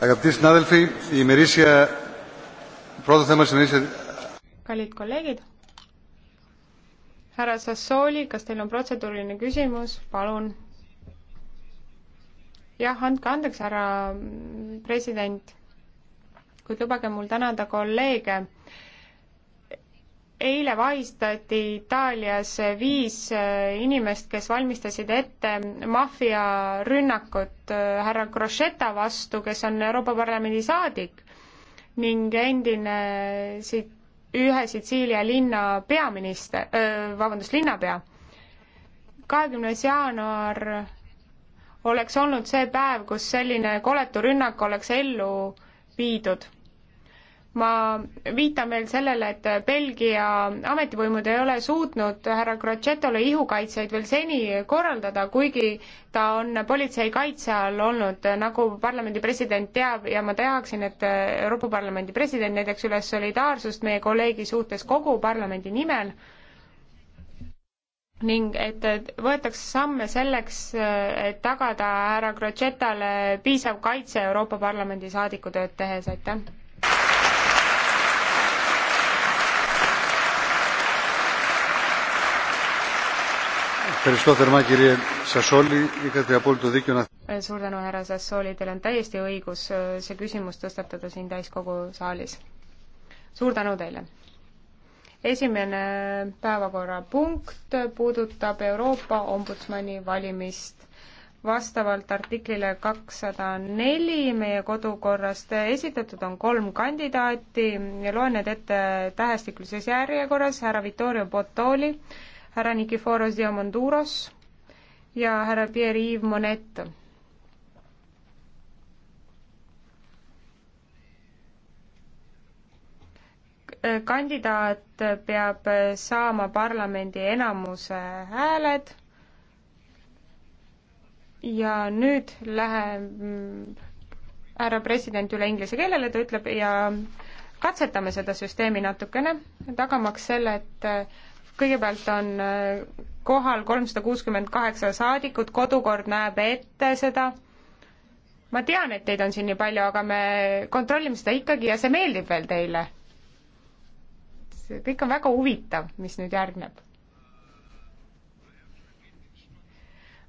Αγαπητοί συνάδελφοι, η ημερήσια... πρώτο θέμα της ημερήσια... Kallid kolleegid, härra Sassooli, kas teil on protseduuriline küsimus, palun? jah, andke andeks, härra president, kuid lubage mul tänada kolleege eile vahistati Itaalias viis äh, inimest, kes valmistasid ette maffiarünnakut äh, härra Crocheta vastu, kes on Euroopa Parlamendi saadik ning endine äh, siit, ühe Sitsiilia linna peaminister, vabandust, linnapea. kahekümnes jaanuar oleks olnud see päev, kus selline koletu rünnak oleks ellu viidud ma viitan veel sellele, et Belgia ametivõimud ei ole suutnud härra Crocetole ihukaitseid veel seni korraldada, kuigi ta on politsei kaitse all olnud, nagu parlamendi president teab ja ma tahaksin, et Euroopa Parlamendi president näitaks üles solidaarsust meie kolleegi suhtes kogu parlamendi nimel ning et võetakse samme selleks, et tagada härra Crocetale piisav kaitse Euroopa Parlamendi saadiku tööd tehes, aitäh! suur tänu, härra Sassooli, teil on täiesti õigus äh, see küsimus tõstatada siin täiskogu saalis. suur tänu teile! esimene päevakorrapunkt puudutab Euroopa Ombudsmani valimist. vastavalt artiklile kakssada neli meie kodukorrast esitatud on kolm kandidaati ja loen need ette tähestikulises järjekorras, härra Vittorio Bottoli, härra Nikiforos Diamanduros ja härra Pierre-Yves Monet. kandidaat peab saama parlamendi enamuse hääled ja nüüd läheb härra president üle inglise keelele, ta ütleb ja katsetame seda süsteemi natukene, tagamaks selle, et kõigepealt on äh, kohal kolmsada kuuskümmend kaheksa saadikut, kodukord näeb ette seda. ma tean, et teid on siin nii palju, aga me kontrollime seda ikkagi ja see meeldib veel teile. see kõik on väga huvitav, mis nüüd järgneb.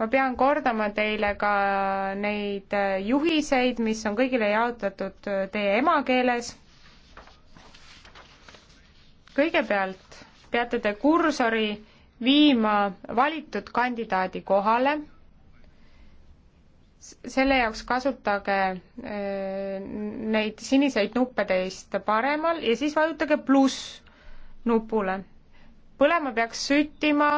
ma pean kordama teile ka neid äh, juhiseid, mis on kõigile jaotatud äh, teie emakeeles. kõigepealt peate te kursori viima valitud kandidaadi kohale. selle jaoks kasutage äh, neid siniseid nuppe teist paremal ja siis vajutage pluss nupule. põlema peaks süttima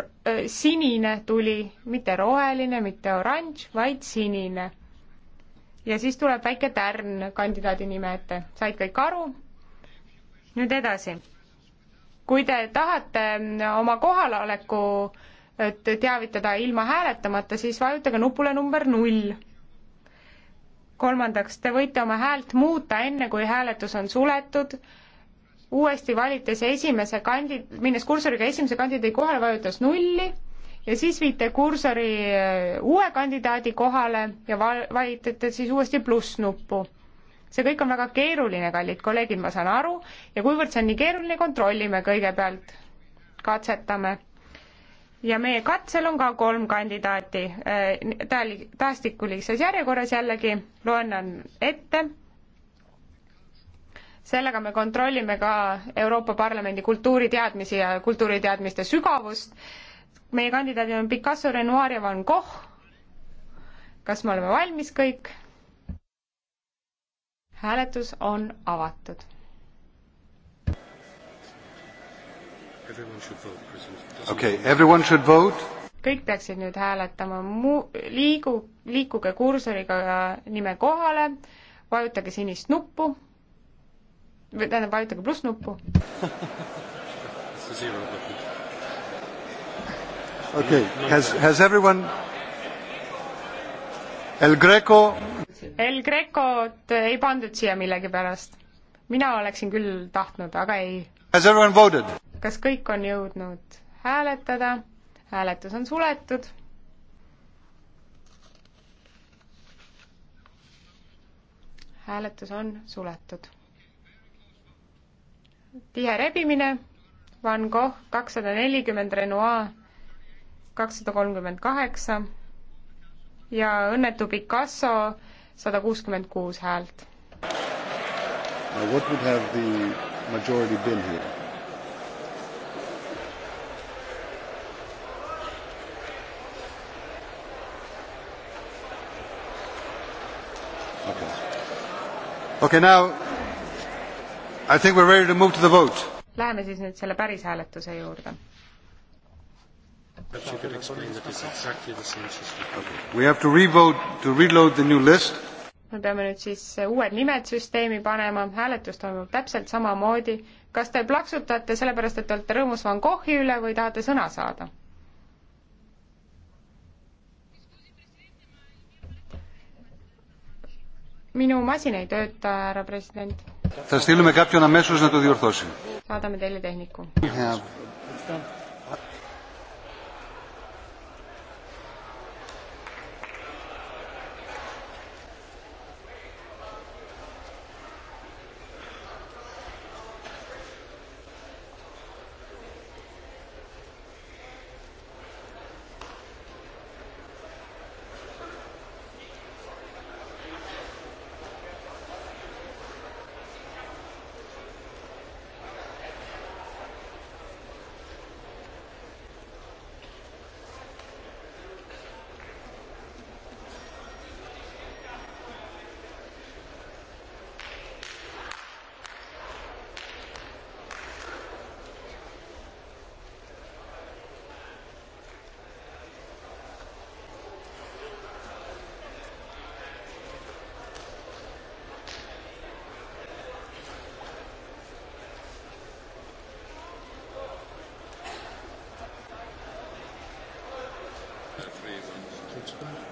äh, sinine tuli, mitte roheline, mitte oranž, vaid sinine. ja siis tuleb väike tärn kandidaadi nime ette. said kõik aru? nüüd edasi kui te tahate oma kohaloleku teavitada ilma hääletamata, siis vajutage nupule number null. kolmandaks, te võite oma häält muuta enne, kui hääletus on suletud, uuesti valites esimese kandi, minnes kursoriga esimese kandidaadi kohale, vajutas nulli ja siis viite kursori äh, uue kandidaadi kohale ja val-, vajutate siis uuesti pluss-nuppu see kõik on väga keeruline, kallid kolleegid, ma saan aru, ja kuivõrd see on nii keeruline, kontrollime kõigepealt, katsetame. ja meie katsel on ka kolm kandidaati tähel-, tähestikulises järjekorras jällegi, loen ette, sellega me kontrollime ka Euroopa Parlamendi kultuuriteadmisi ja kultuuriteadmiste sügavust, meie kandidaadid on Picasso, Renoir ja Van Gogh, kas me oleme valmis kõik? hääletus on avatud. Okay, everyone should vote. kõik peaksid nüüd hääletama, mu-, liigu, liikuge kursoriga nime kohale, vajutage sinist nuppu või tähendab, vajutage plussnuppu. okei okay., has, has everyone El Greco. El Grecot ei pandud siia millegipärast. mina oleksin küll tahtnud, aga ei. Has everyone voted? kas kõik on jõudnud hääletada? hääletus on suletud. hääletus on suletud. tihe rebimine, Van Gogh kakssada nelikümmend Renoir kakssada kolmkümmend kaheksa ja õnnetu Picasso sada kuuskümmend kuus häält. What would have the majority been here? Okay. Okay, now I think we're ready to move to the vote. Läheme siis nüüd selle päris hääletuse juurde me peame nüüd siis eh, uued nimed süsteemi panema, hääletus toimub täpselt samamoodi. kas te plaksutate sellepärast, et te olete rõõmus Van Goghi üle või tahate sõna saada? minu masin ei tööta, härra president. saadame teile tehniku.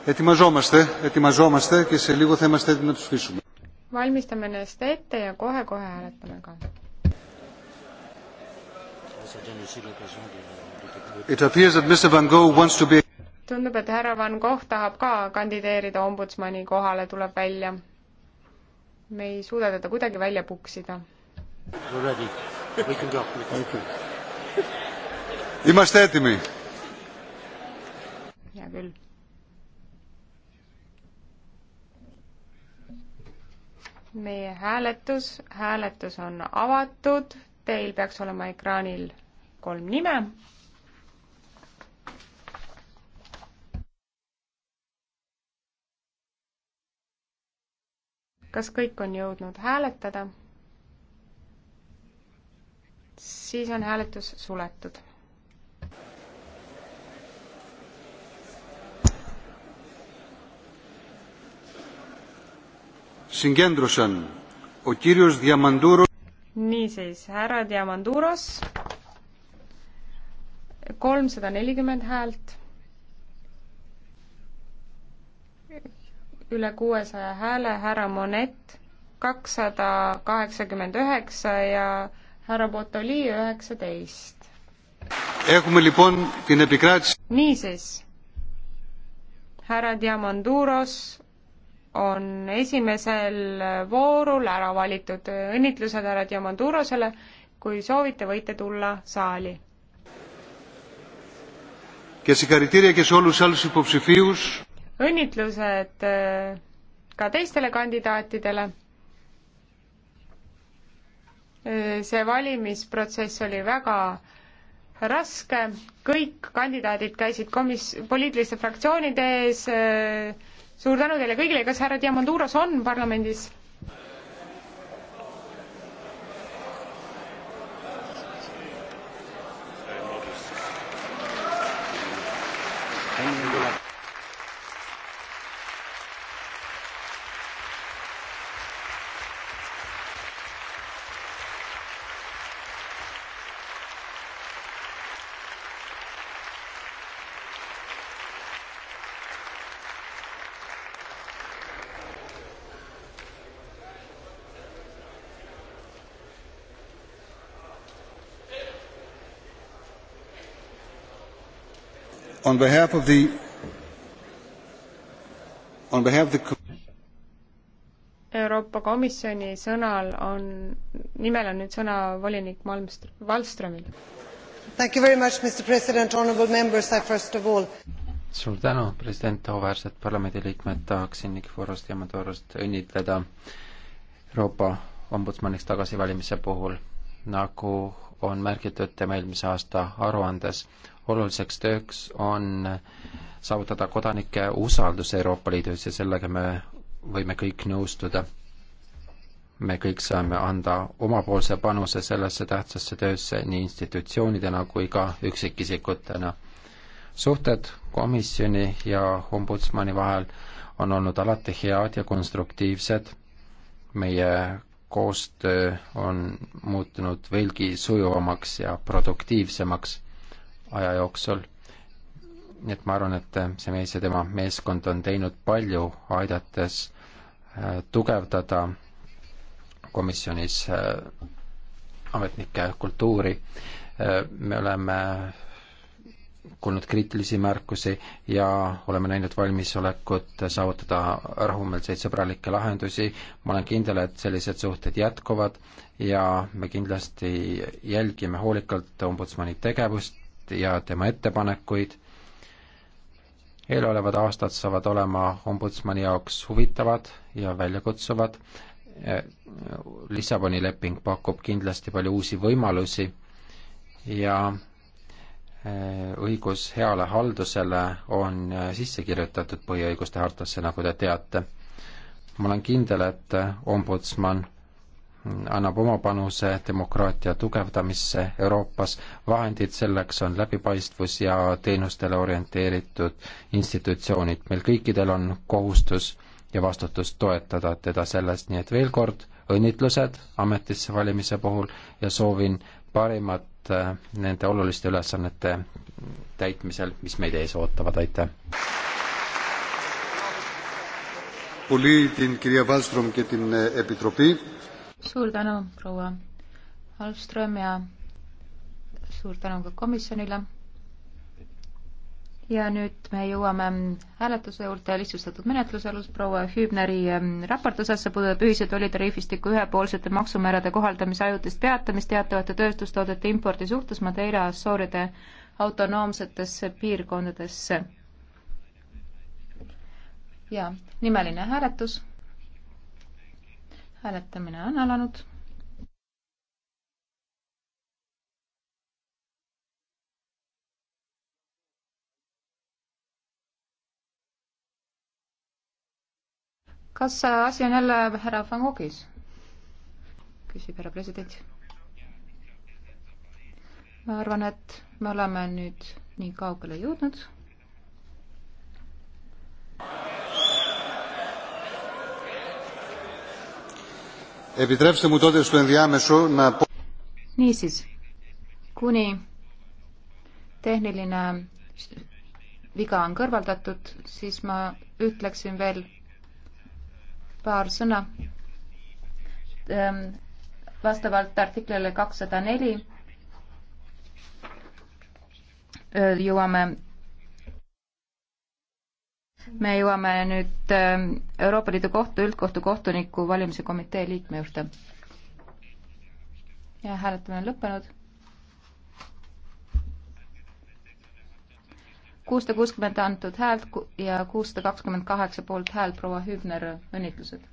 Ετοιμαζόμαστε, ετοιμαζόμαστε και σε λίγο θα είμαστε έτοιμοι να τους φύσουμε. Valmistame ennast ette ja kohe-kohe hääletame ka. It appears that Mr. Van Gogh wants to be... tundub, et härra Van Gogh tahab ka kandideerida ombudsmani kohale, tuleb välja. me ei suuda teda kuidagi välja puksida. Είμαστε έτοιμοι. Hea küll. meie hääletus, hääletus on avatud, teil peaks olema ekraanil kolm nime. kas kõik on jõudnud hääletada? siis on hääletus suletud συγκέντρωσαν ο κύριος Διαμαντούρος niisiis, härra Diamanduros, kolmsada nelikümmend häält, üle kuuesaja hääle, härra Monet kakssada kaheksakümmend üheksa ja härra Botoli üheksateist. niisiis, härra Diamanduros on esimesel voorul ära valitud. õnnitlused härra Diamandurosele, kui soovite, võite tulla saali. õnnitlused äh, ka teistele kandidaatidele. Äh, see valimisprotsess oli väga raske, kõik kandidaadid käisid komis-, poliitiliste fraktsioonide ees äh,, suur tänu teile kõigile, kas härra Diamanduros on parlamendis? on behalf of the on behalf of the Euroopa Komisjoni sõnal on, nimel on nüüd sõna volinik Malmst-, Wallströmil. Thank you very much, Mr President, honourable members, I first of all suur tänu, president, auväärsed parlamendiliikmed, tahaksin Nikiforost ja Madorost õnnitleda Euroopa ombudsmaniks tagasivalimise puhul. nagu on märgitud meil eelmise aasta aruandes. oluliseks tööks on saavutada kodanike usaldus Euroopa Liidus ja sellega me võime kõik nõustuda. me kõik saame anda omapoolse panuse sellesse tähtsasse töösse nii institutsioonidena kui ka üksikisikutena. suhted komisjoni ja ombudsmani vahel on olnud alati head ja konstruktiivsed, meie koostöö on muutunud veelgi sujuvamaks ja produktiivsemaks aja jooksul. nii et ma arvan, et see mees ja tema meeskond on teinud palju, aidates äh, tugevdada komisjonis äh, ametnike kultuuri. Äh, me oleme kuulnud kriitilisi märkusi ja oleme näinud valmisolekut saavutada rahumeelseid sõbralikke lahendusi. ma olen kindel, et sellised suhted jätkuvad ja me kindlasti jälgime hoolikalt ombudsmani tegevust ja tema ettepanekuid. eelolevad aastad saavad olema ombudsmani jaoks huvitavad ja väljakutsuvad. Lissaboni leping pakub kindlasti palju uusi võimalusi ja Äh, õigus heale haldusele on äh, sisse kirjutatud põhiõiguste hartasse, nagu te teate. ma olen kindel, et äh, ombudsman annab oma panuse demokraatia tugevdamisse Euroopas, vahendid selleks on läbipaistvus ja teenustele orienteeritud institutsioonid. meil kõikidel on kohustus ja vastutus toetada teda selles, nii et veel kord õnnitlused ametisse valimise puhul ja soovin parimat tööd äh, nende oluliste ülesannete täitmisel, mis meid ees ootavad, aitäh! suur tänu, proua Alström ja suur tänu ka komisjonile ja nüüd me jõuame hääletuse juurde lihtsustatud menetluse alus proua Hübneri ähm, raport osasse puudutab ühise tollitariifistiku ühepoolsete maksumäärade kohaldamise ajutist peatamist teatavate tööstustoodete impordi suhtes Madeira Assooride autonoomsetesse piirkondadesse. ja nimeline hääletus. hääletamine on alanud kas äh, asi on jälle härra Van Goghis? küsib härra president. ma arvan, et me oleme nüüd nii kaugele jõudnud. niisiis, kuni tehniline viga on kõrvaldatud, siis ma ütleksin veel paar sõna ähm, vastavalt artiklile kakssada neli äh, jõuame me jõuame nüüd ähm, Euroopa Liidu kohtu üldkohtu kohtuniku valimise komitee liikme juurde. ja hääletamine on lõppenud kuussada kuuskümmend antud häält ja kuussada kakskümmend kaheksa poolt häält, proua Hübner, õnnitlused.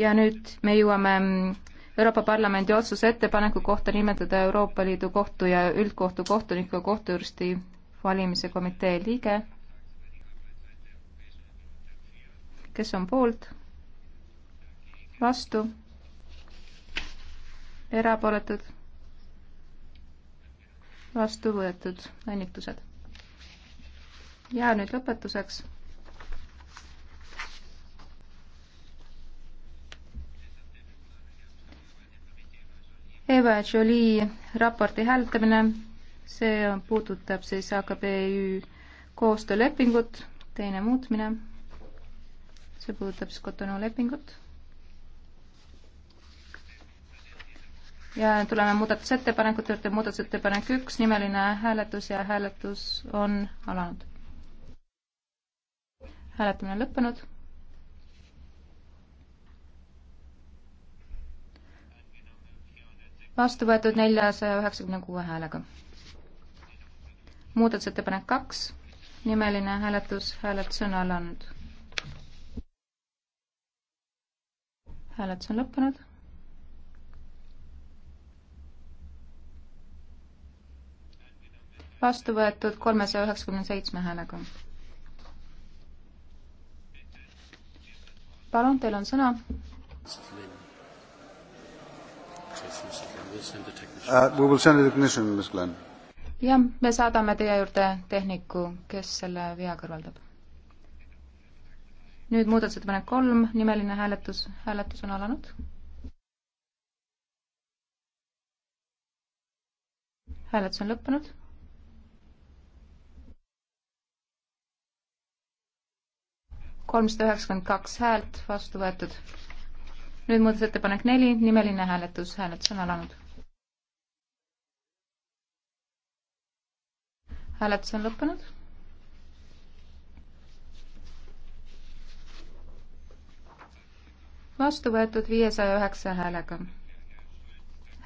ja nüüd me jõuame mm, Euroopa Parlamendi otsuse ettepaneku kohta nimetada Euroopa Liidu kohtu ja üldkohtu kohtuniku ja kohtujuristi valimise komitee liige. kes on poolt? vastu? erapooletud? vastu võetud õnnitlused. ja nüüd lõpetuseks. Eva Jolie raporti hääletamine, see puudutab siis AKPÜ koostöölepingut, teine muutmine, see puudutab siis Cotonou lepingut ja tuleme muudatusettepanekute juurde, muudatusettepanek üks, nimeline hääletus ja hääletus on alanud. hääletamine on lõppenud. vastu võetud neljasaja üheksakümne kuue häälega. muudatusettepanek kaks, nimeline hääletus, hääletus on alanud. hääletus on lõppenud vastu võetud kolmesaja üheksakümne seitsme häälega. palun, teil on sõna. Uh, jah, me saadame teie juurde tehniku, kes selle vea kõrvaldab. nüüd muudatusettepanek kolm, nimeline hääletus, hääletus on alanud hääletus on lõppenud. kolmsada üheksakümmend kaks häält vastu võetud. nüüd muudatusettepanek neli, nimeline hääletus, hääletus on alanud. hääletus on lõppenud. vastu võetud viiesaja üheksa häälega.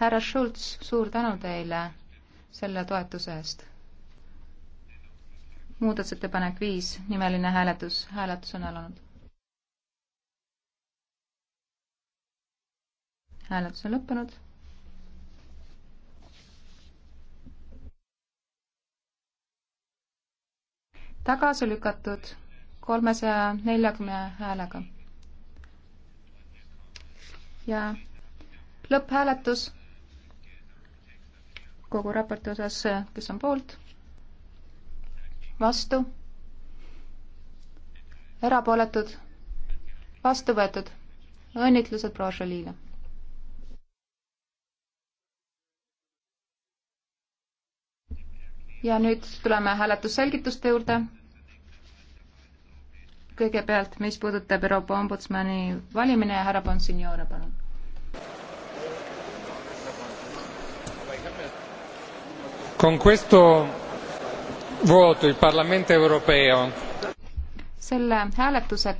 härra Schulz, suur tänu teile selle toetuse eest muudatusettepanek viis, nimeline hääletus, hääletus on alanud. hääletus on lõppenud. tagasi lükatud kolmesaja neljakümne häälega. ja lõpphääletus kogu raporti osas, kes on poolt vastu, erapooletud, vastu võetud. õnnitlused proua Jolile. ja nüüd tuleme hääletusselgituste juurde. kõigepealt, mis puudutab Euroopa Ombudsmani valimine, härra Bonsignore, palun con questo voto il Parlamento europeo. selle hääletuse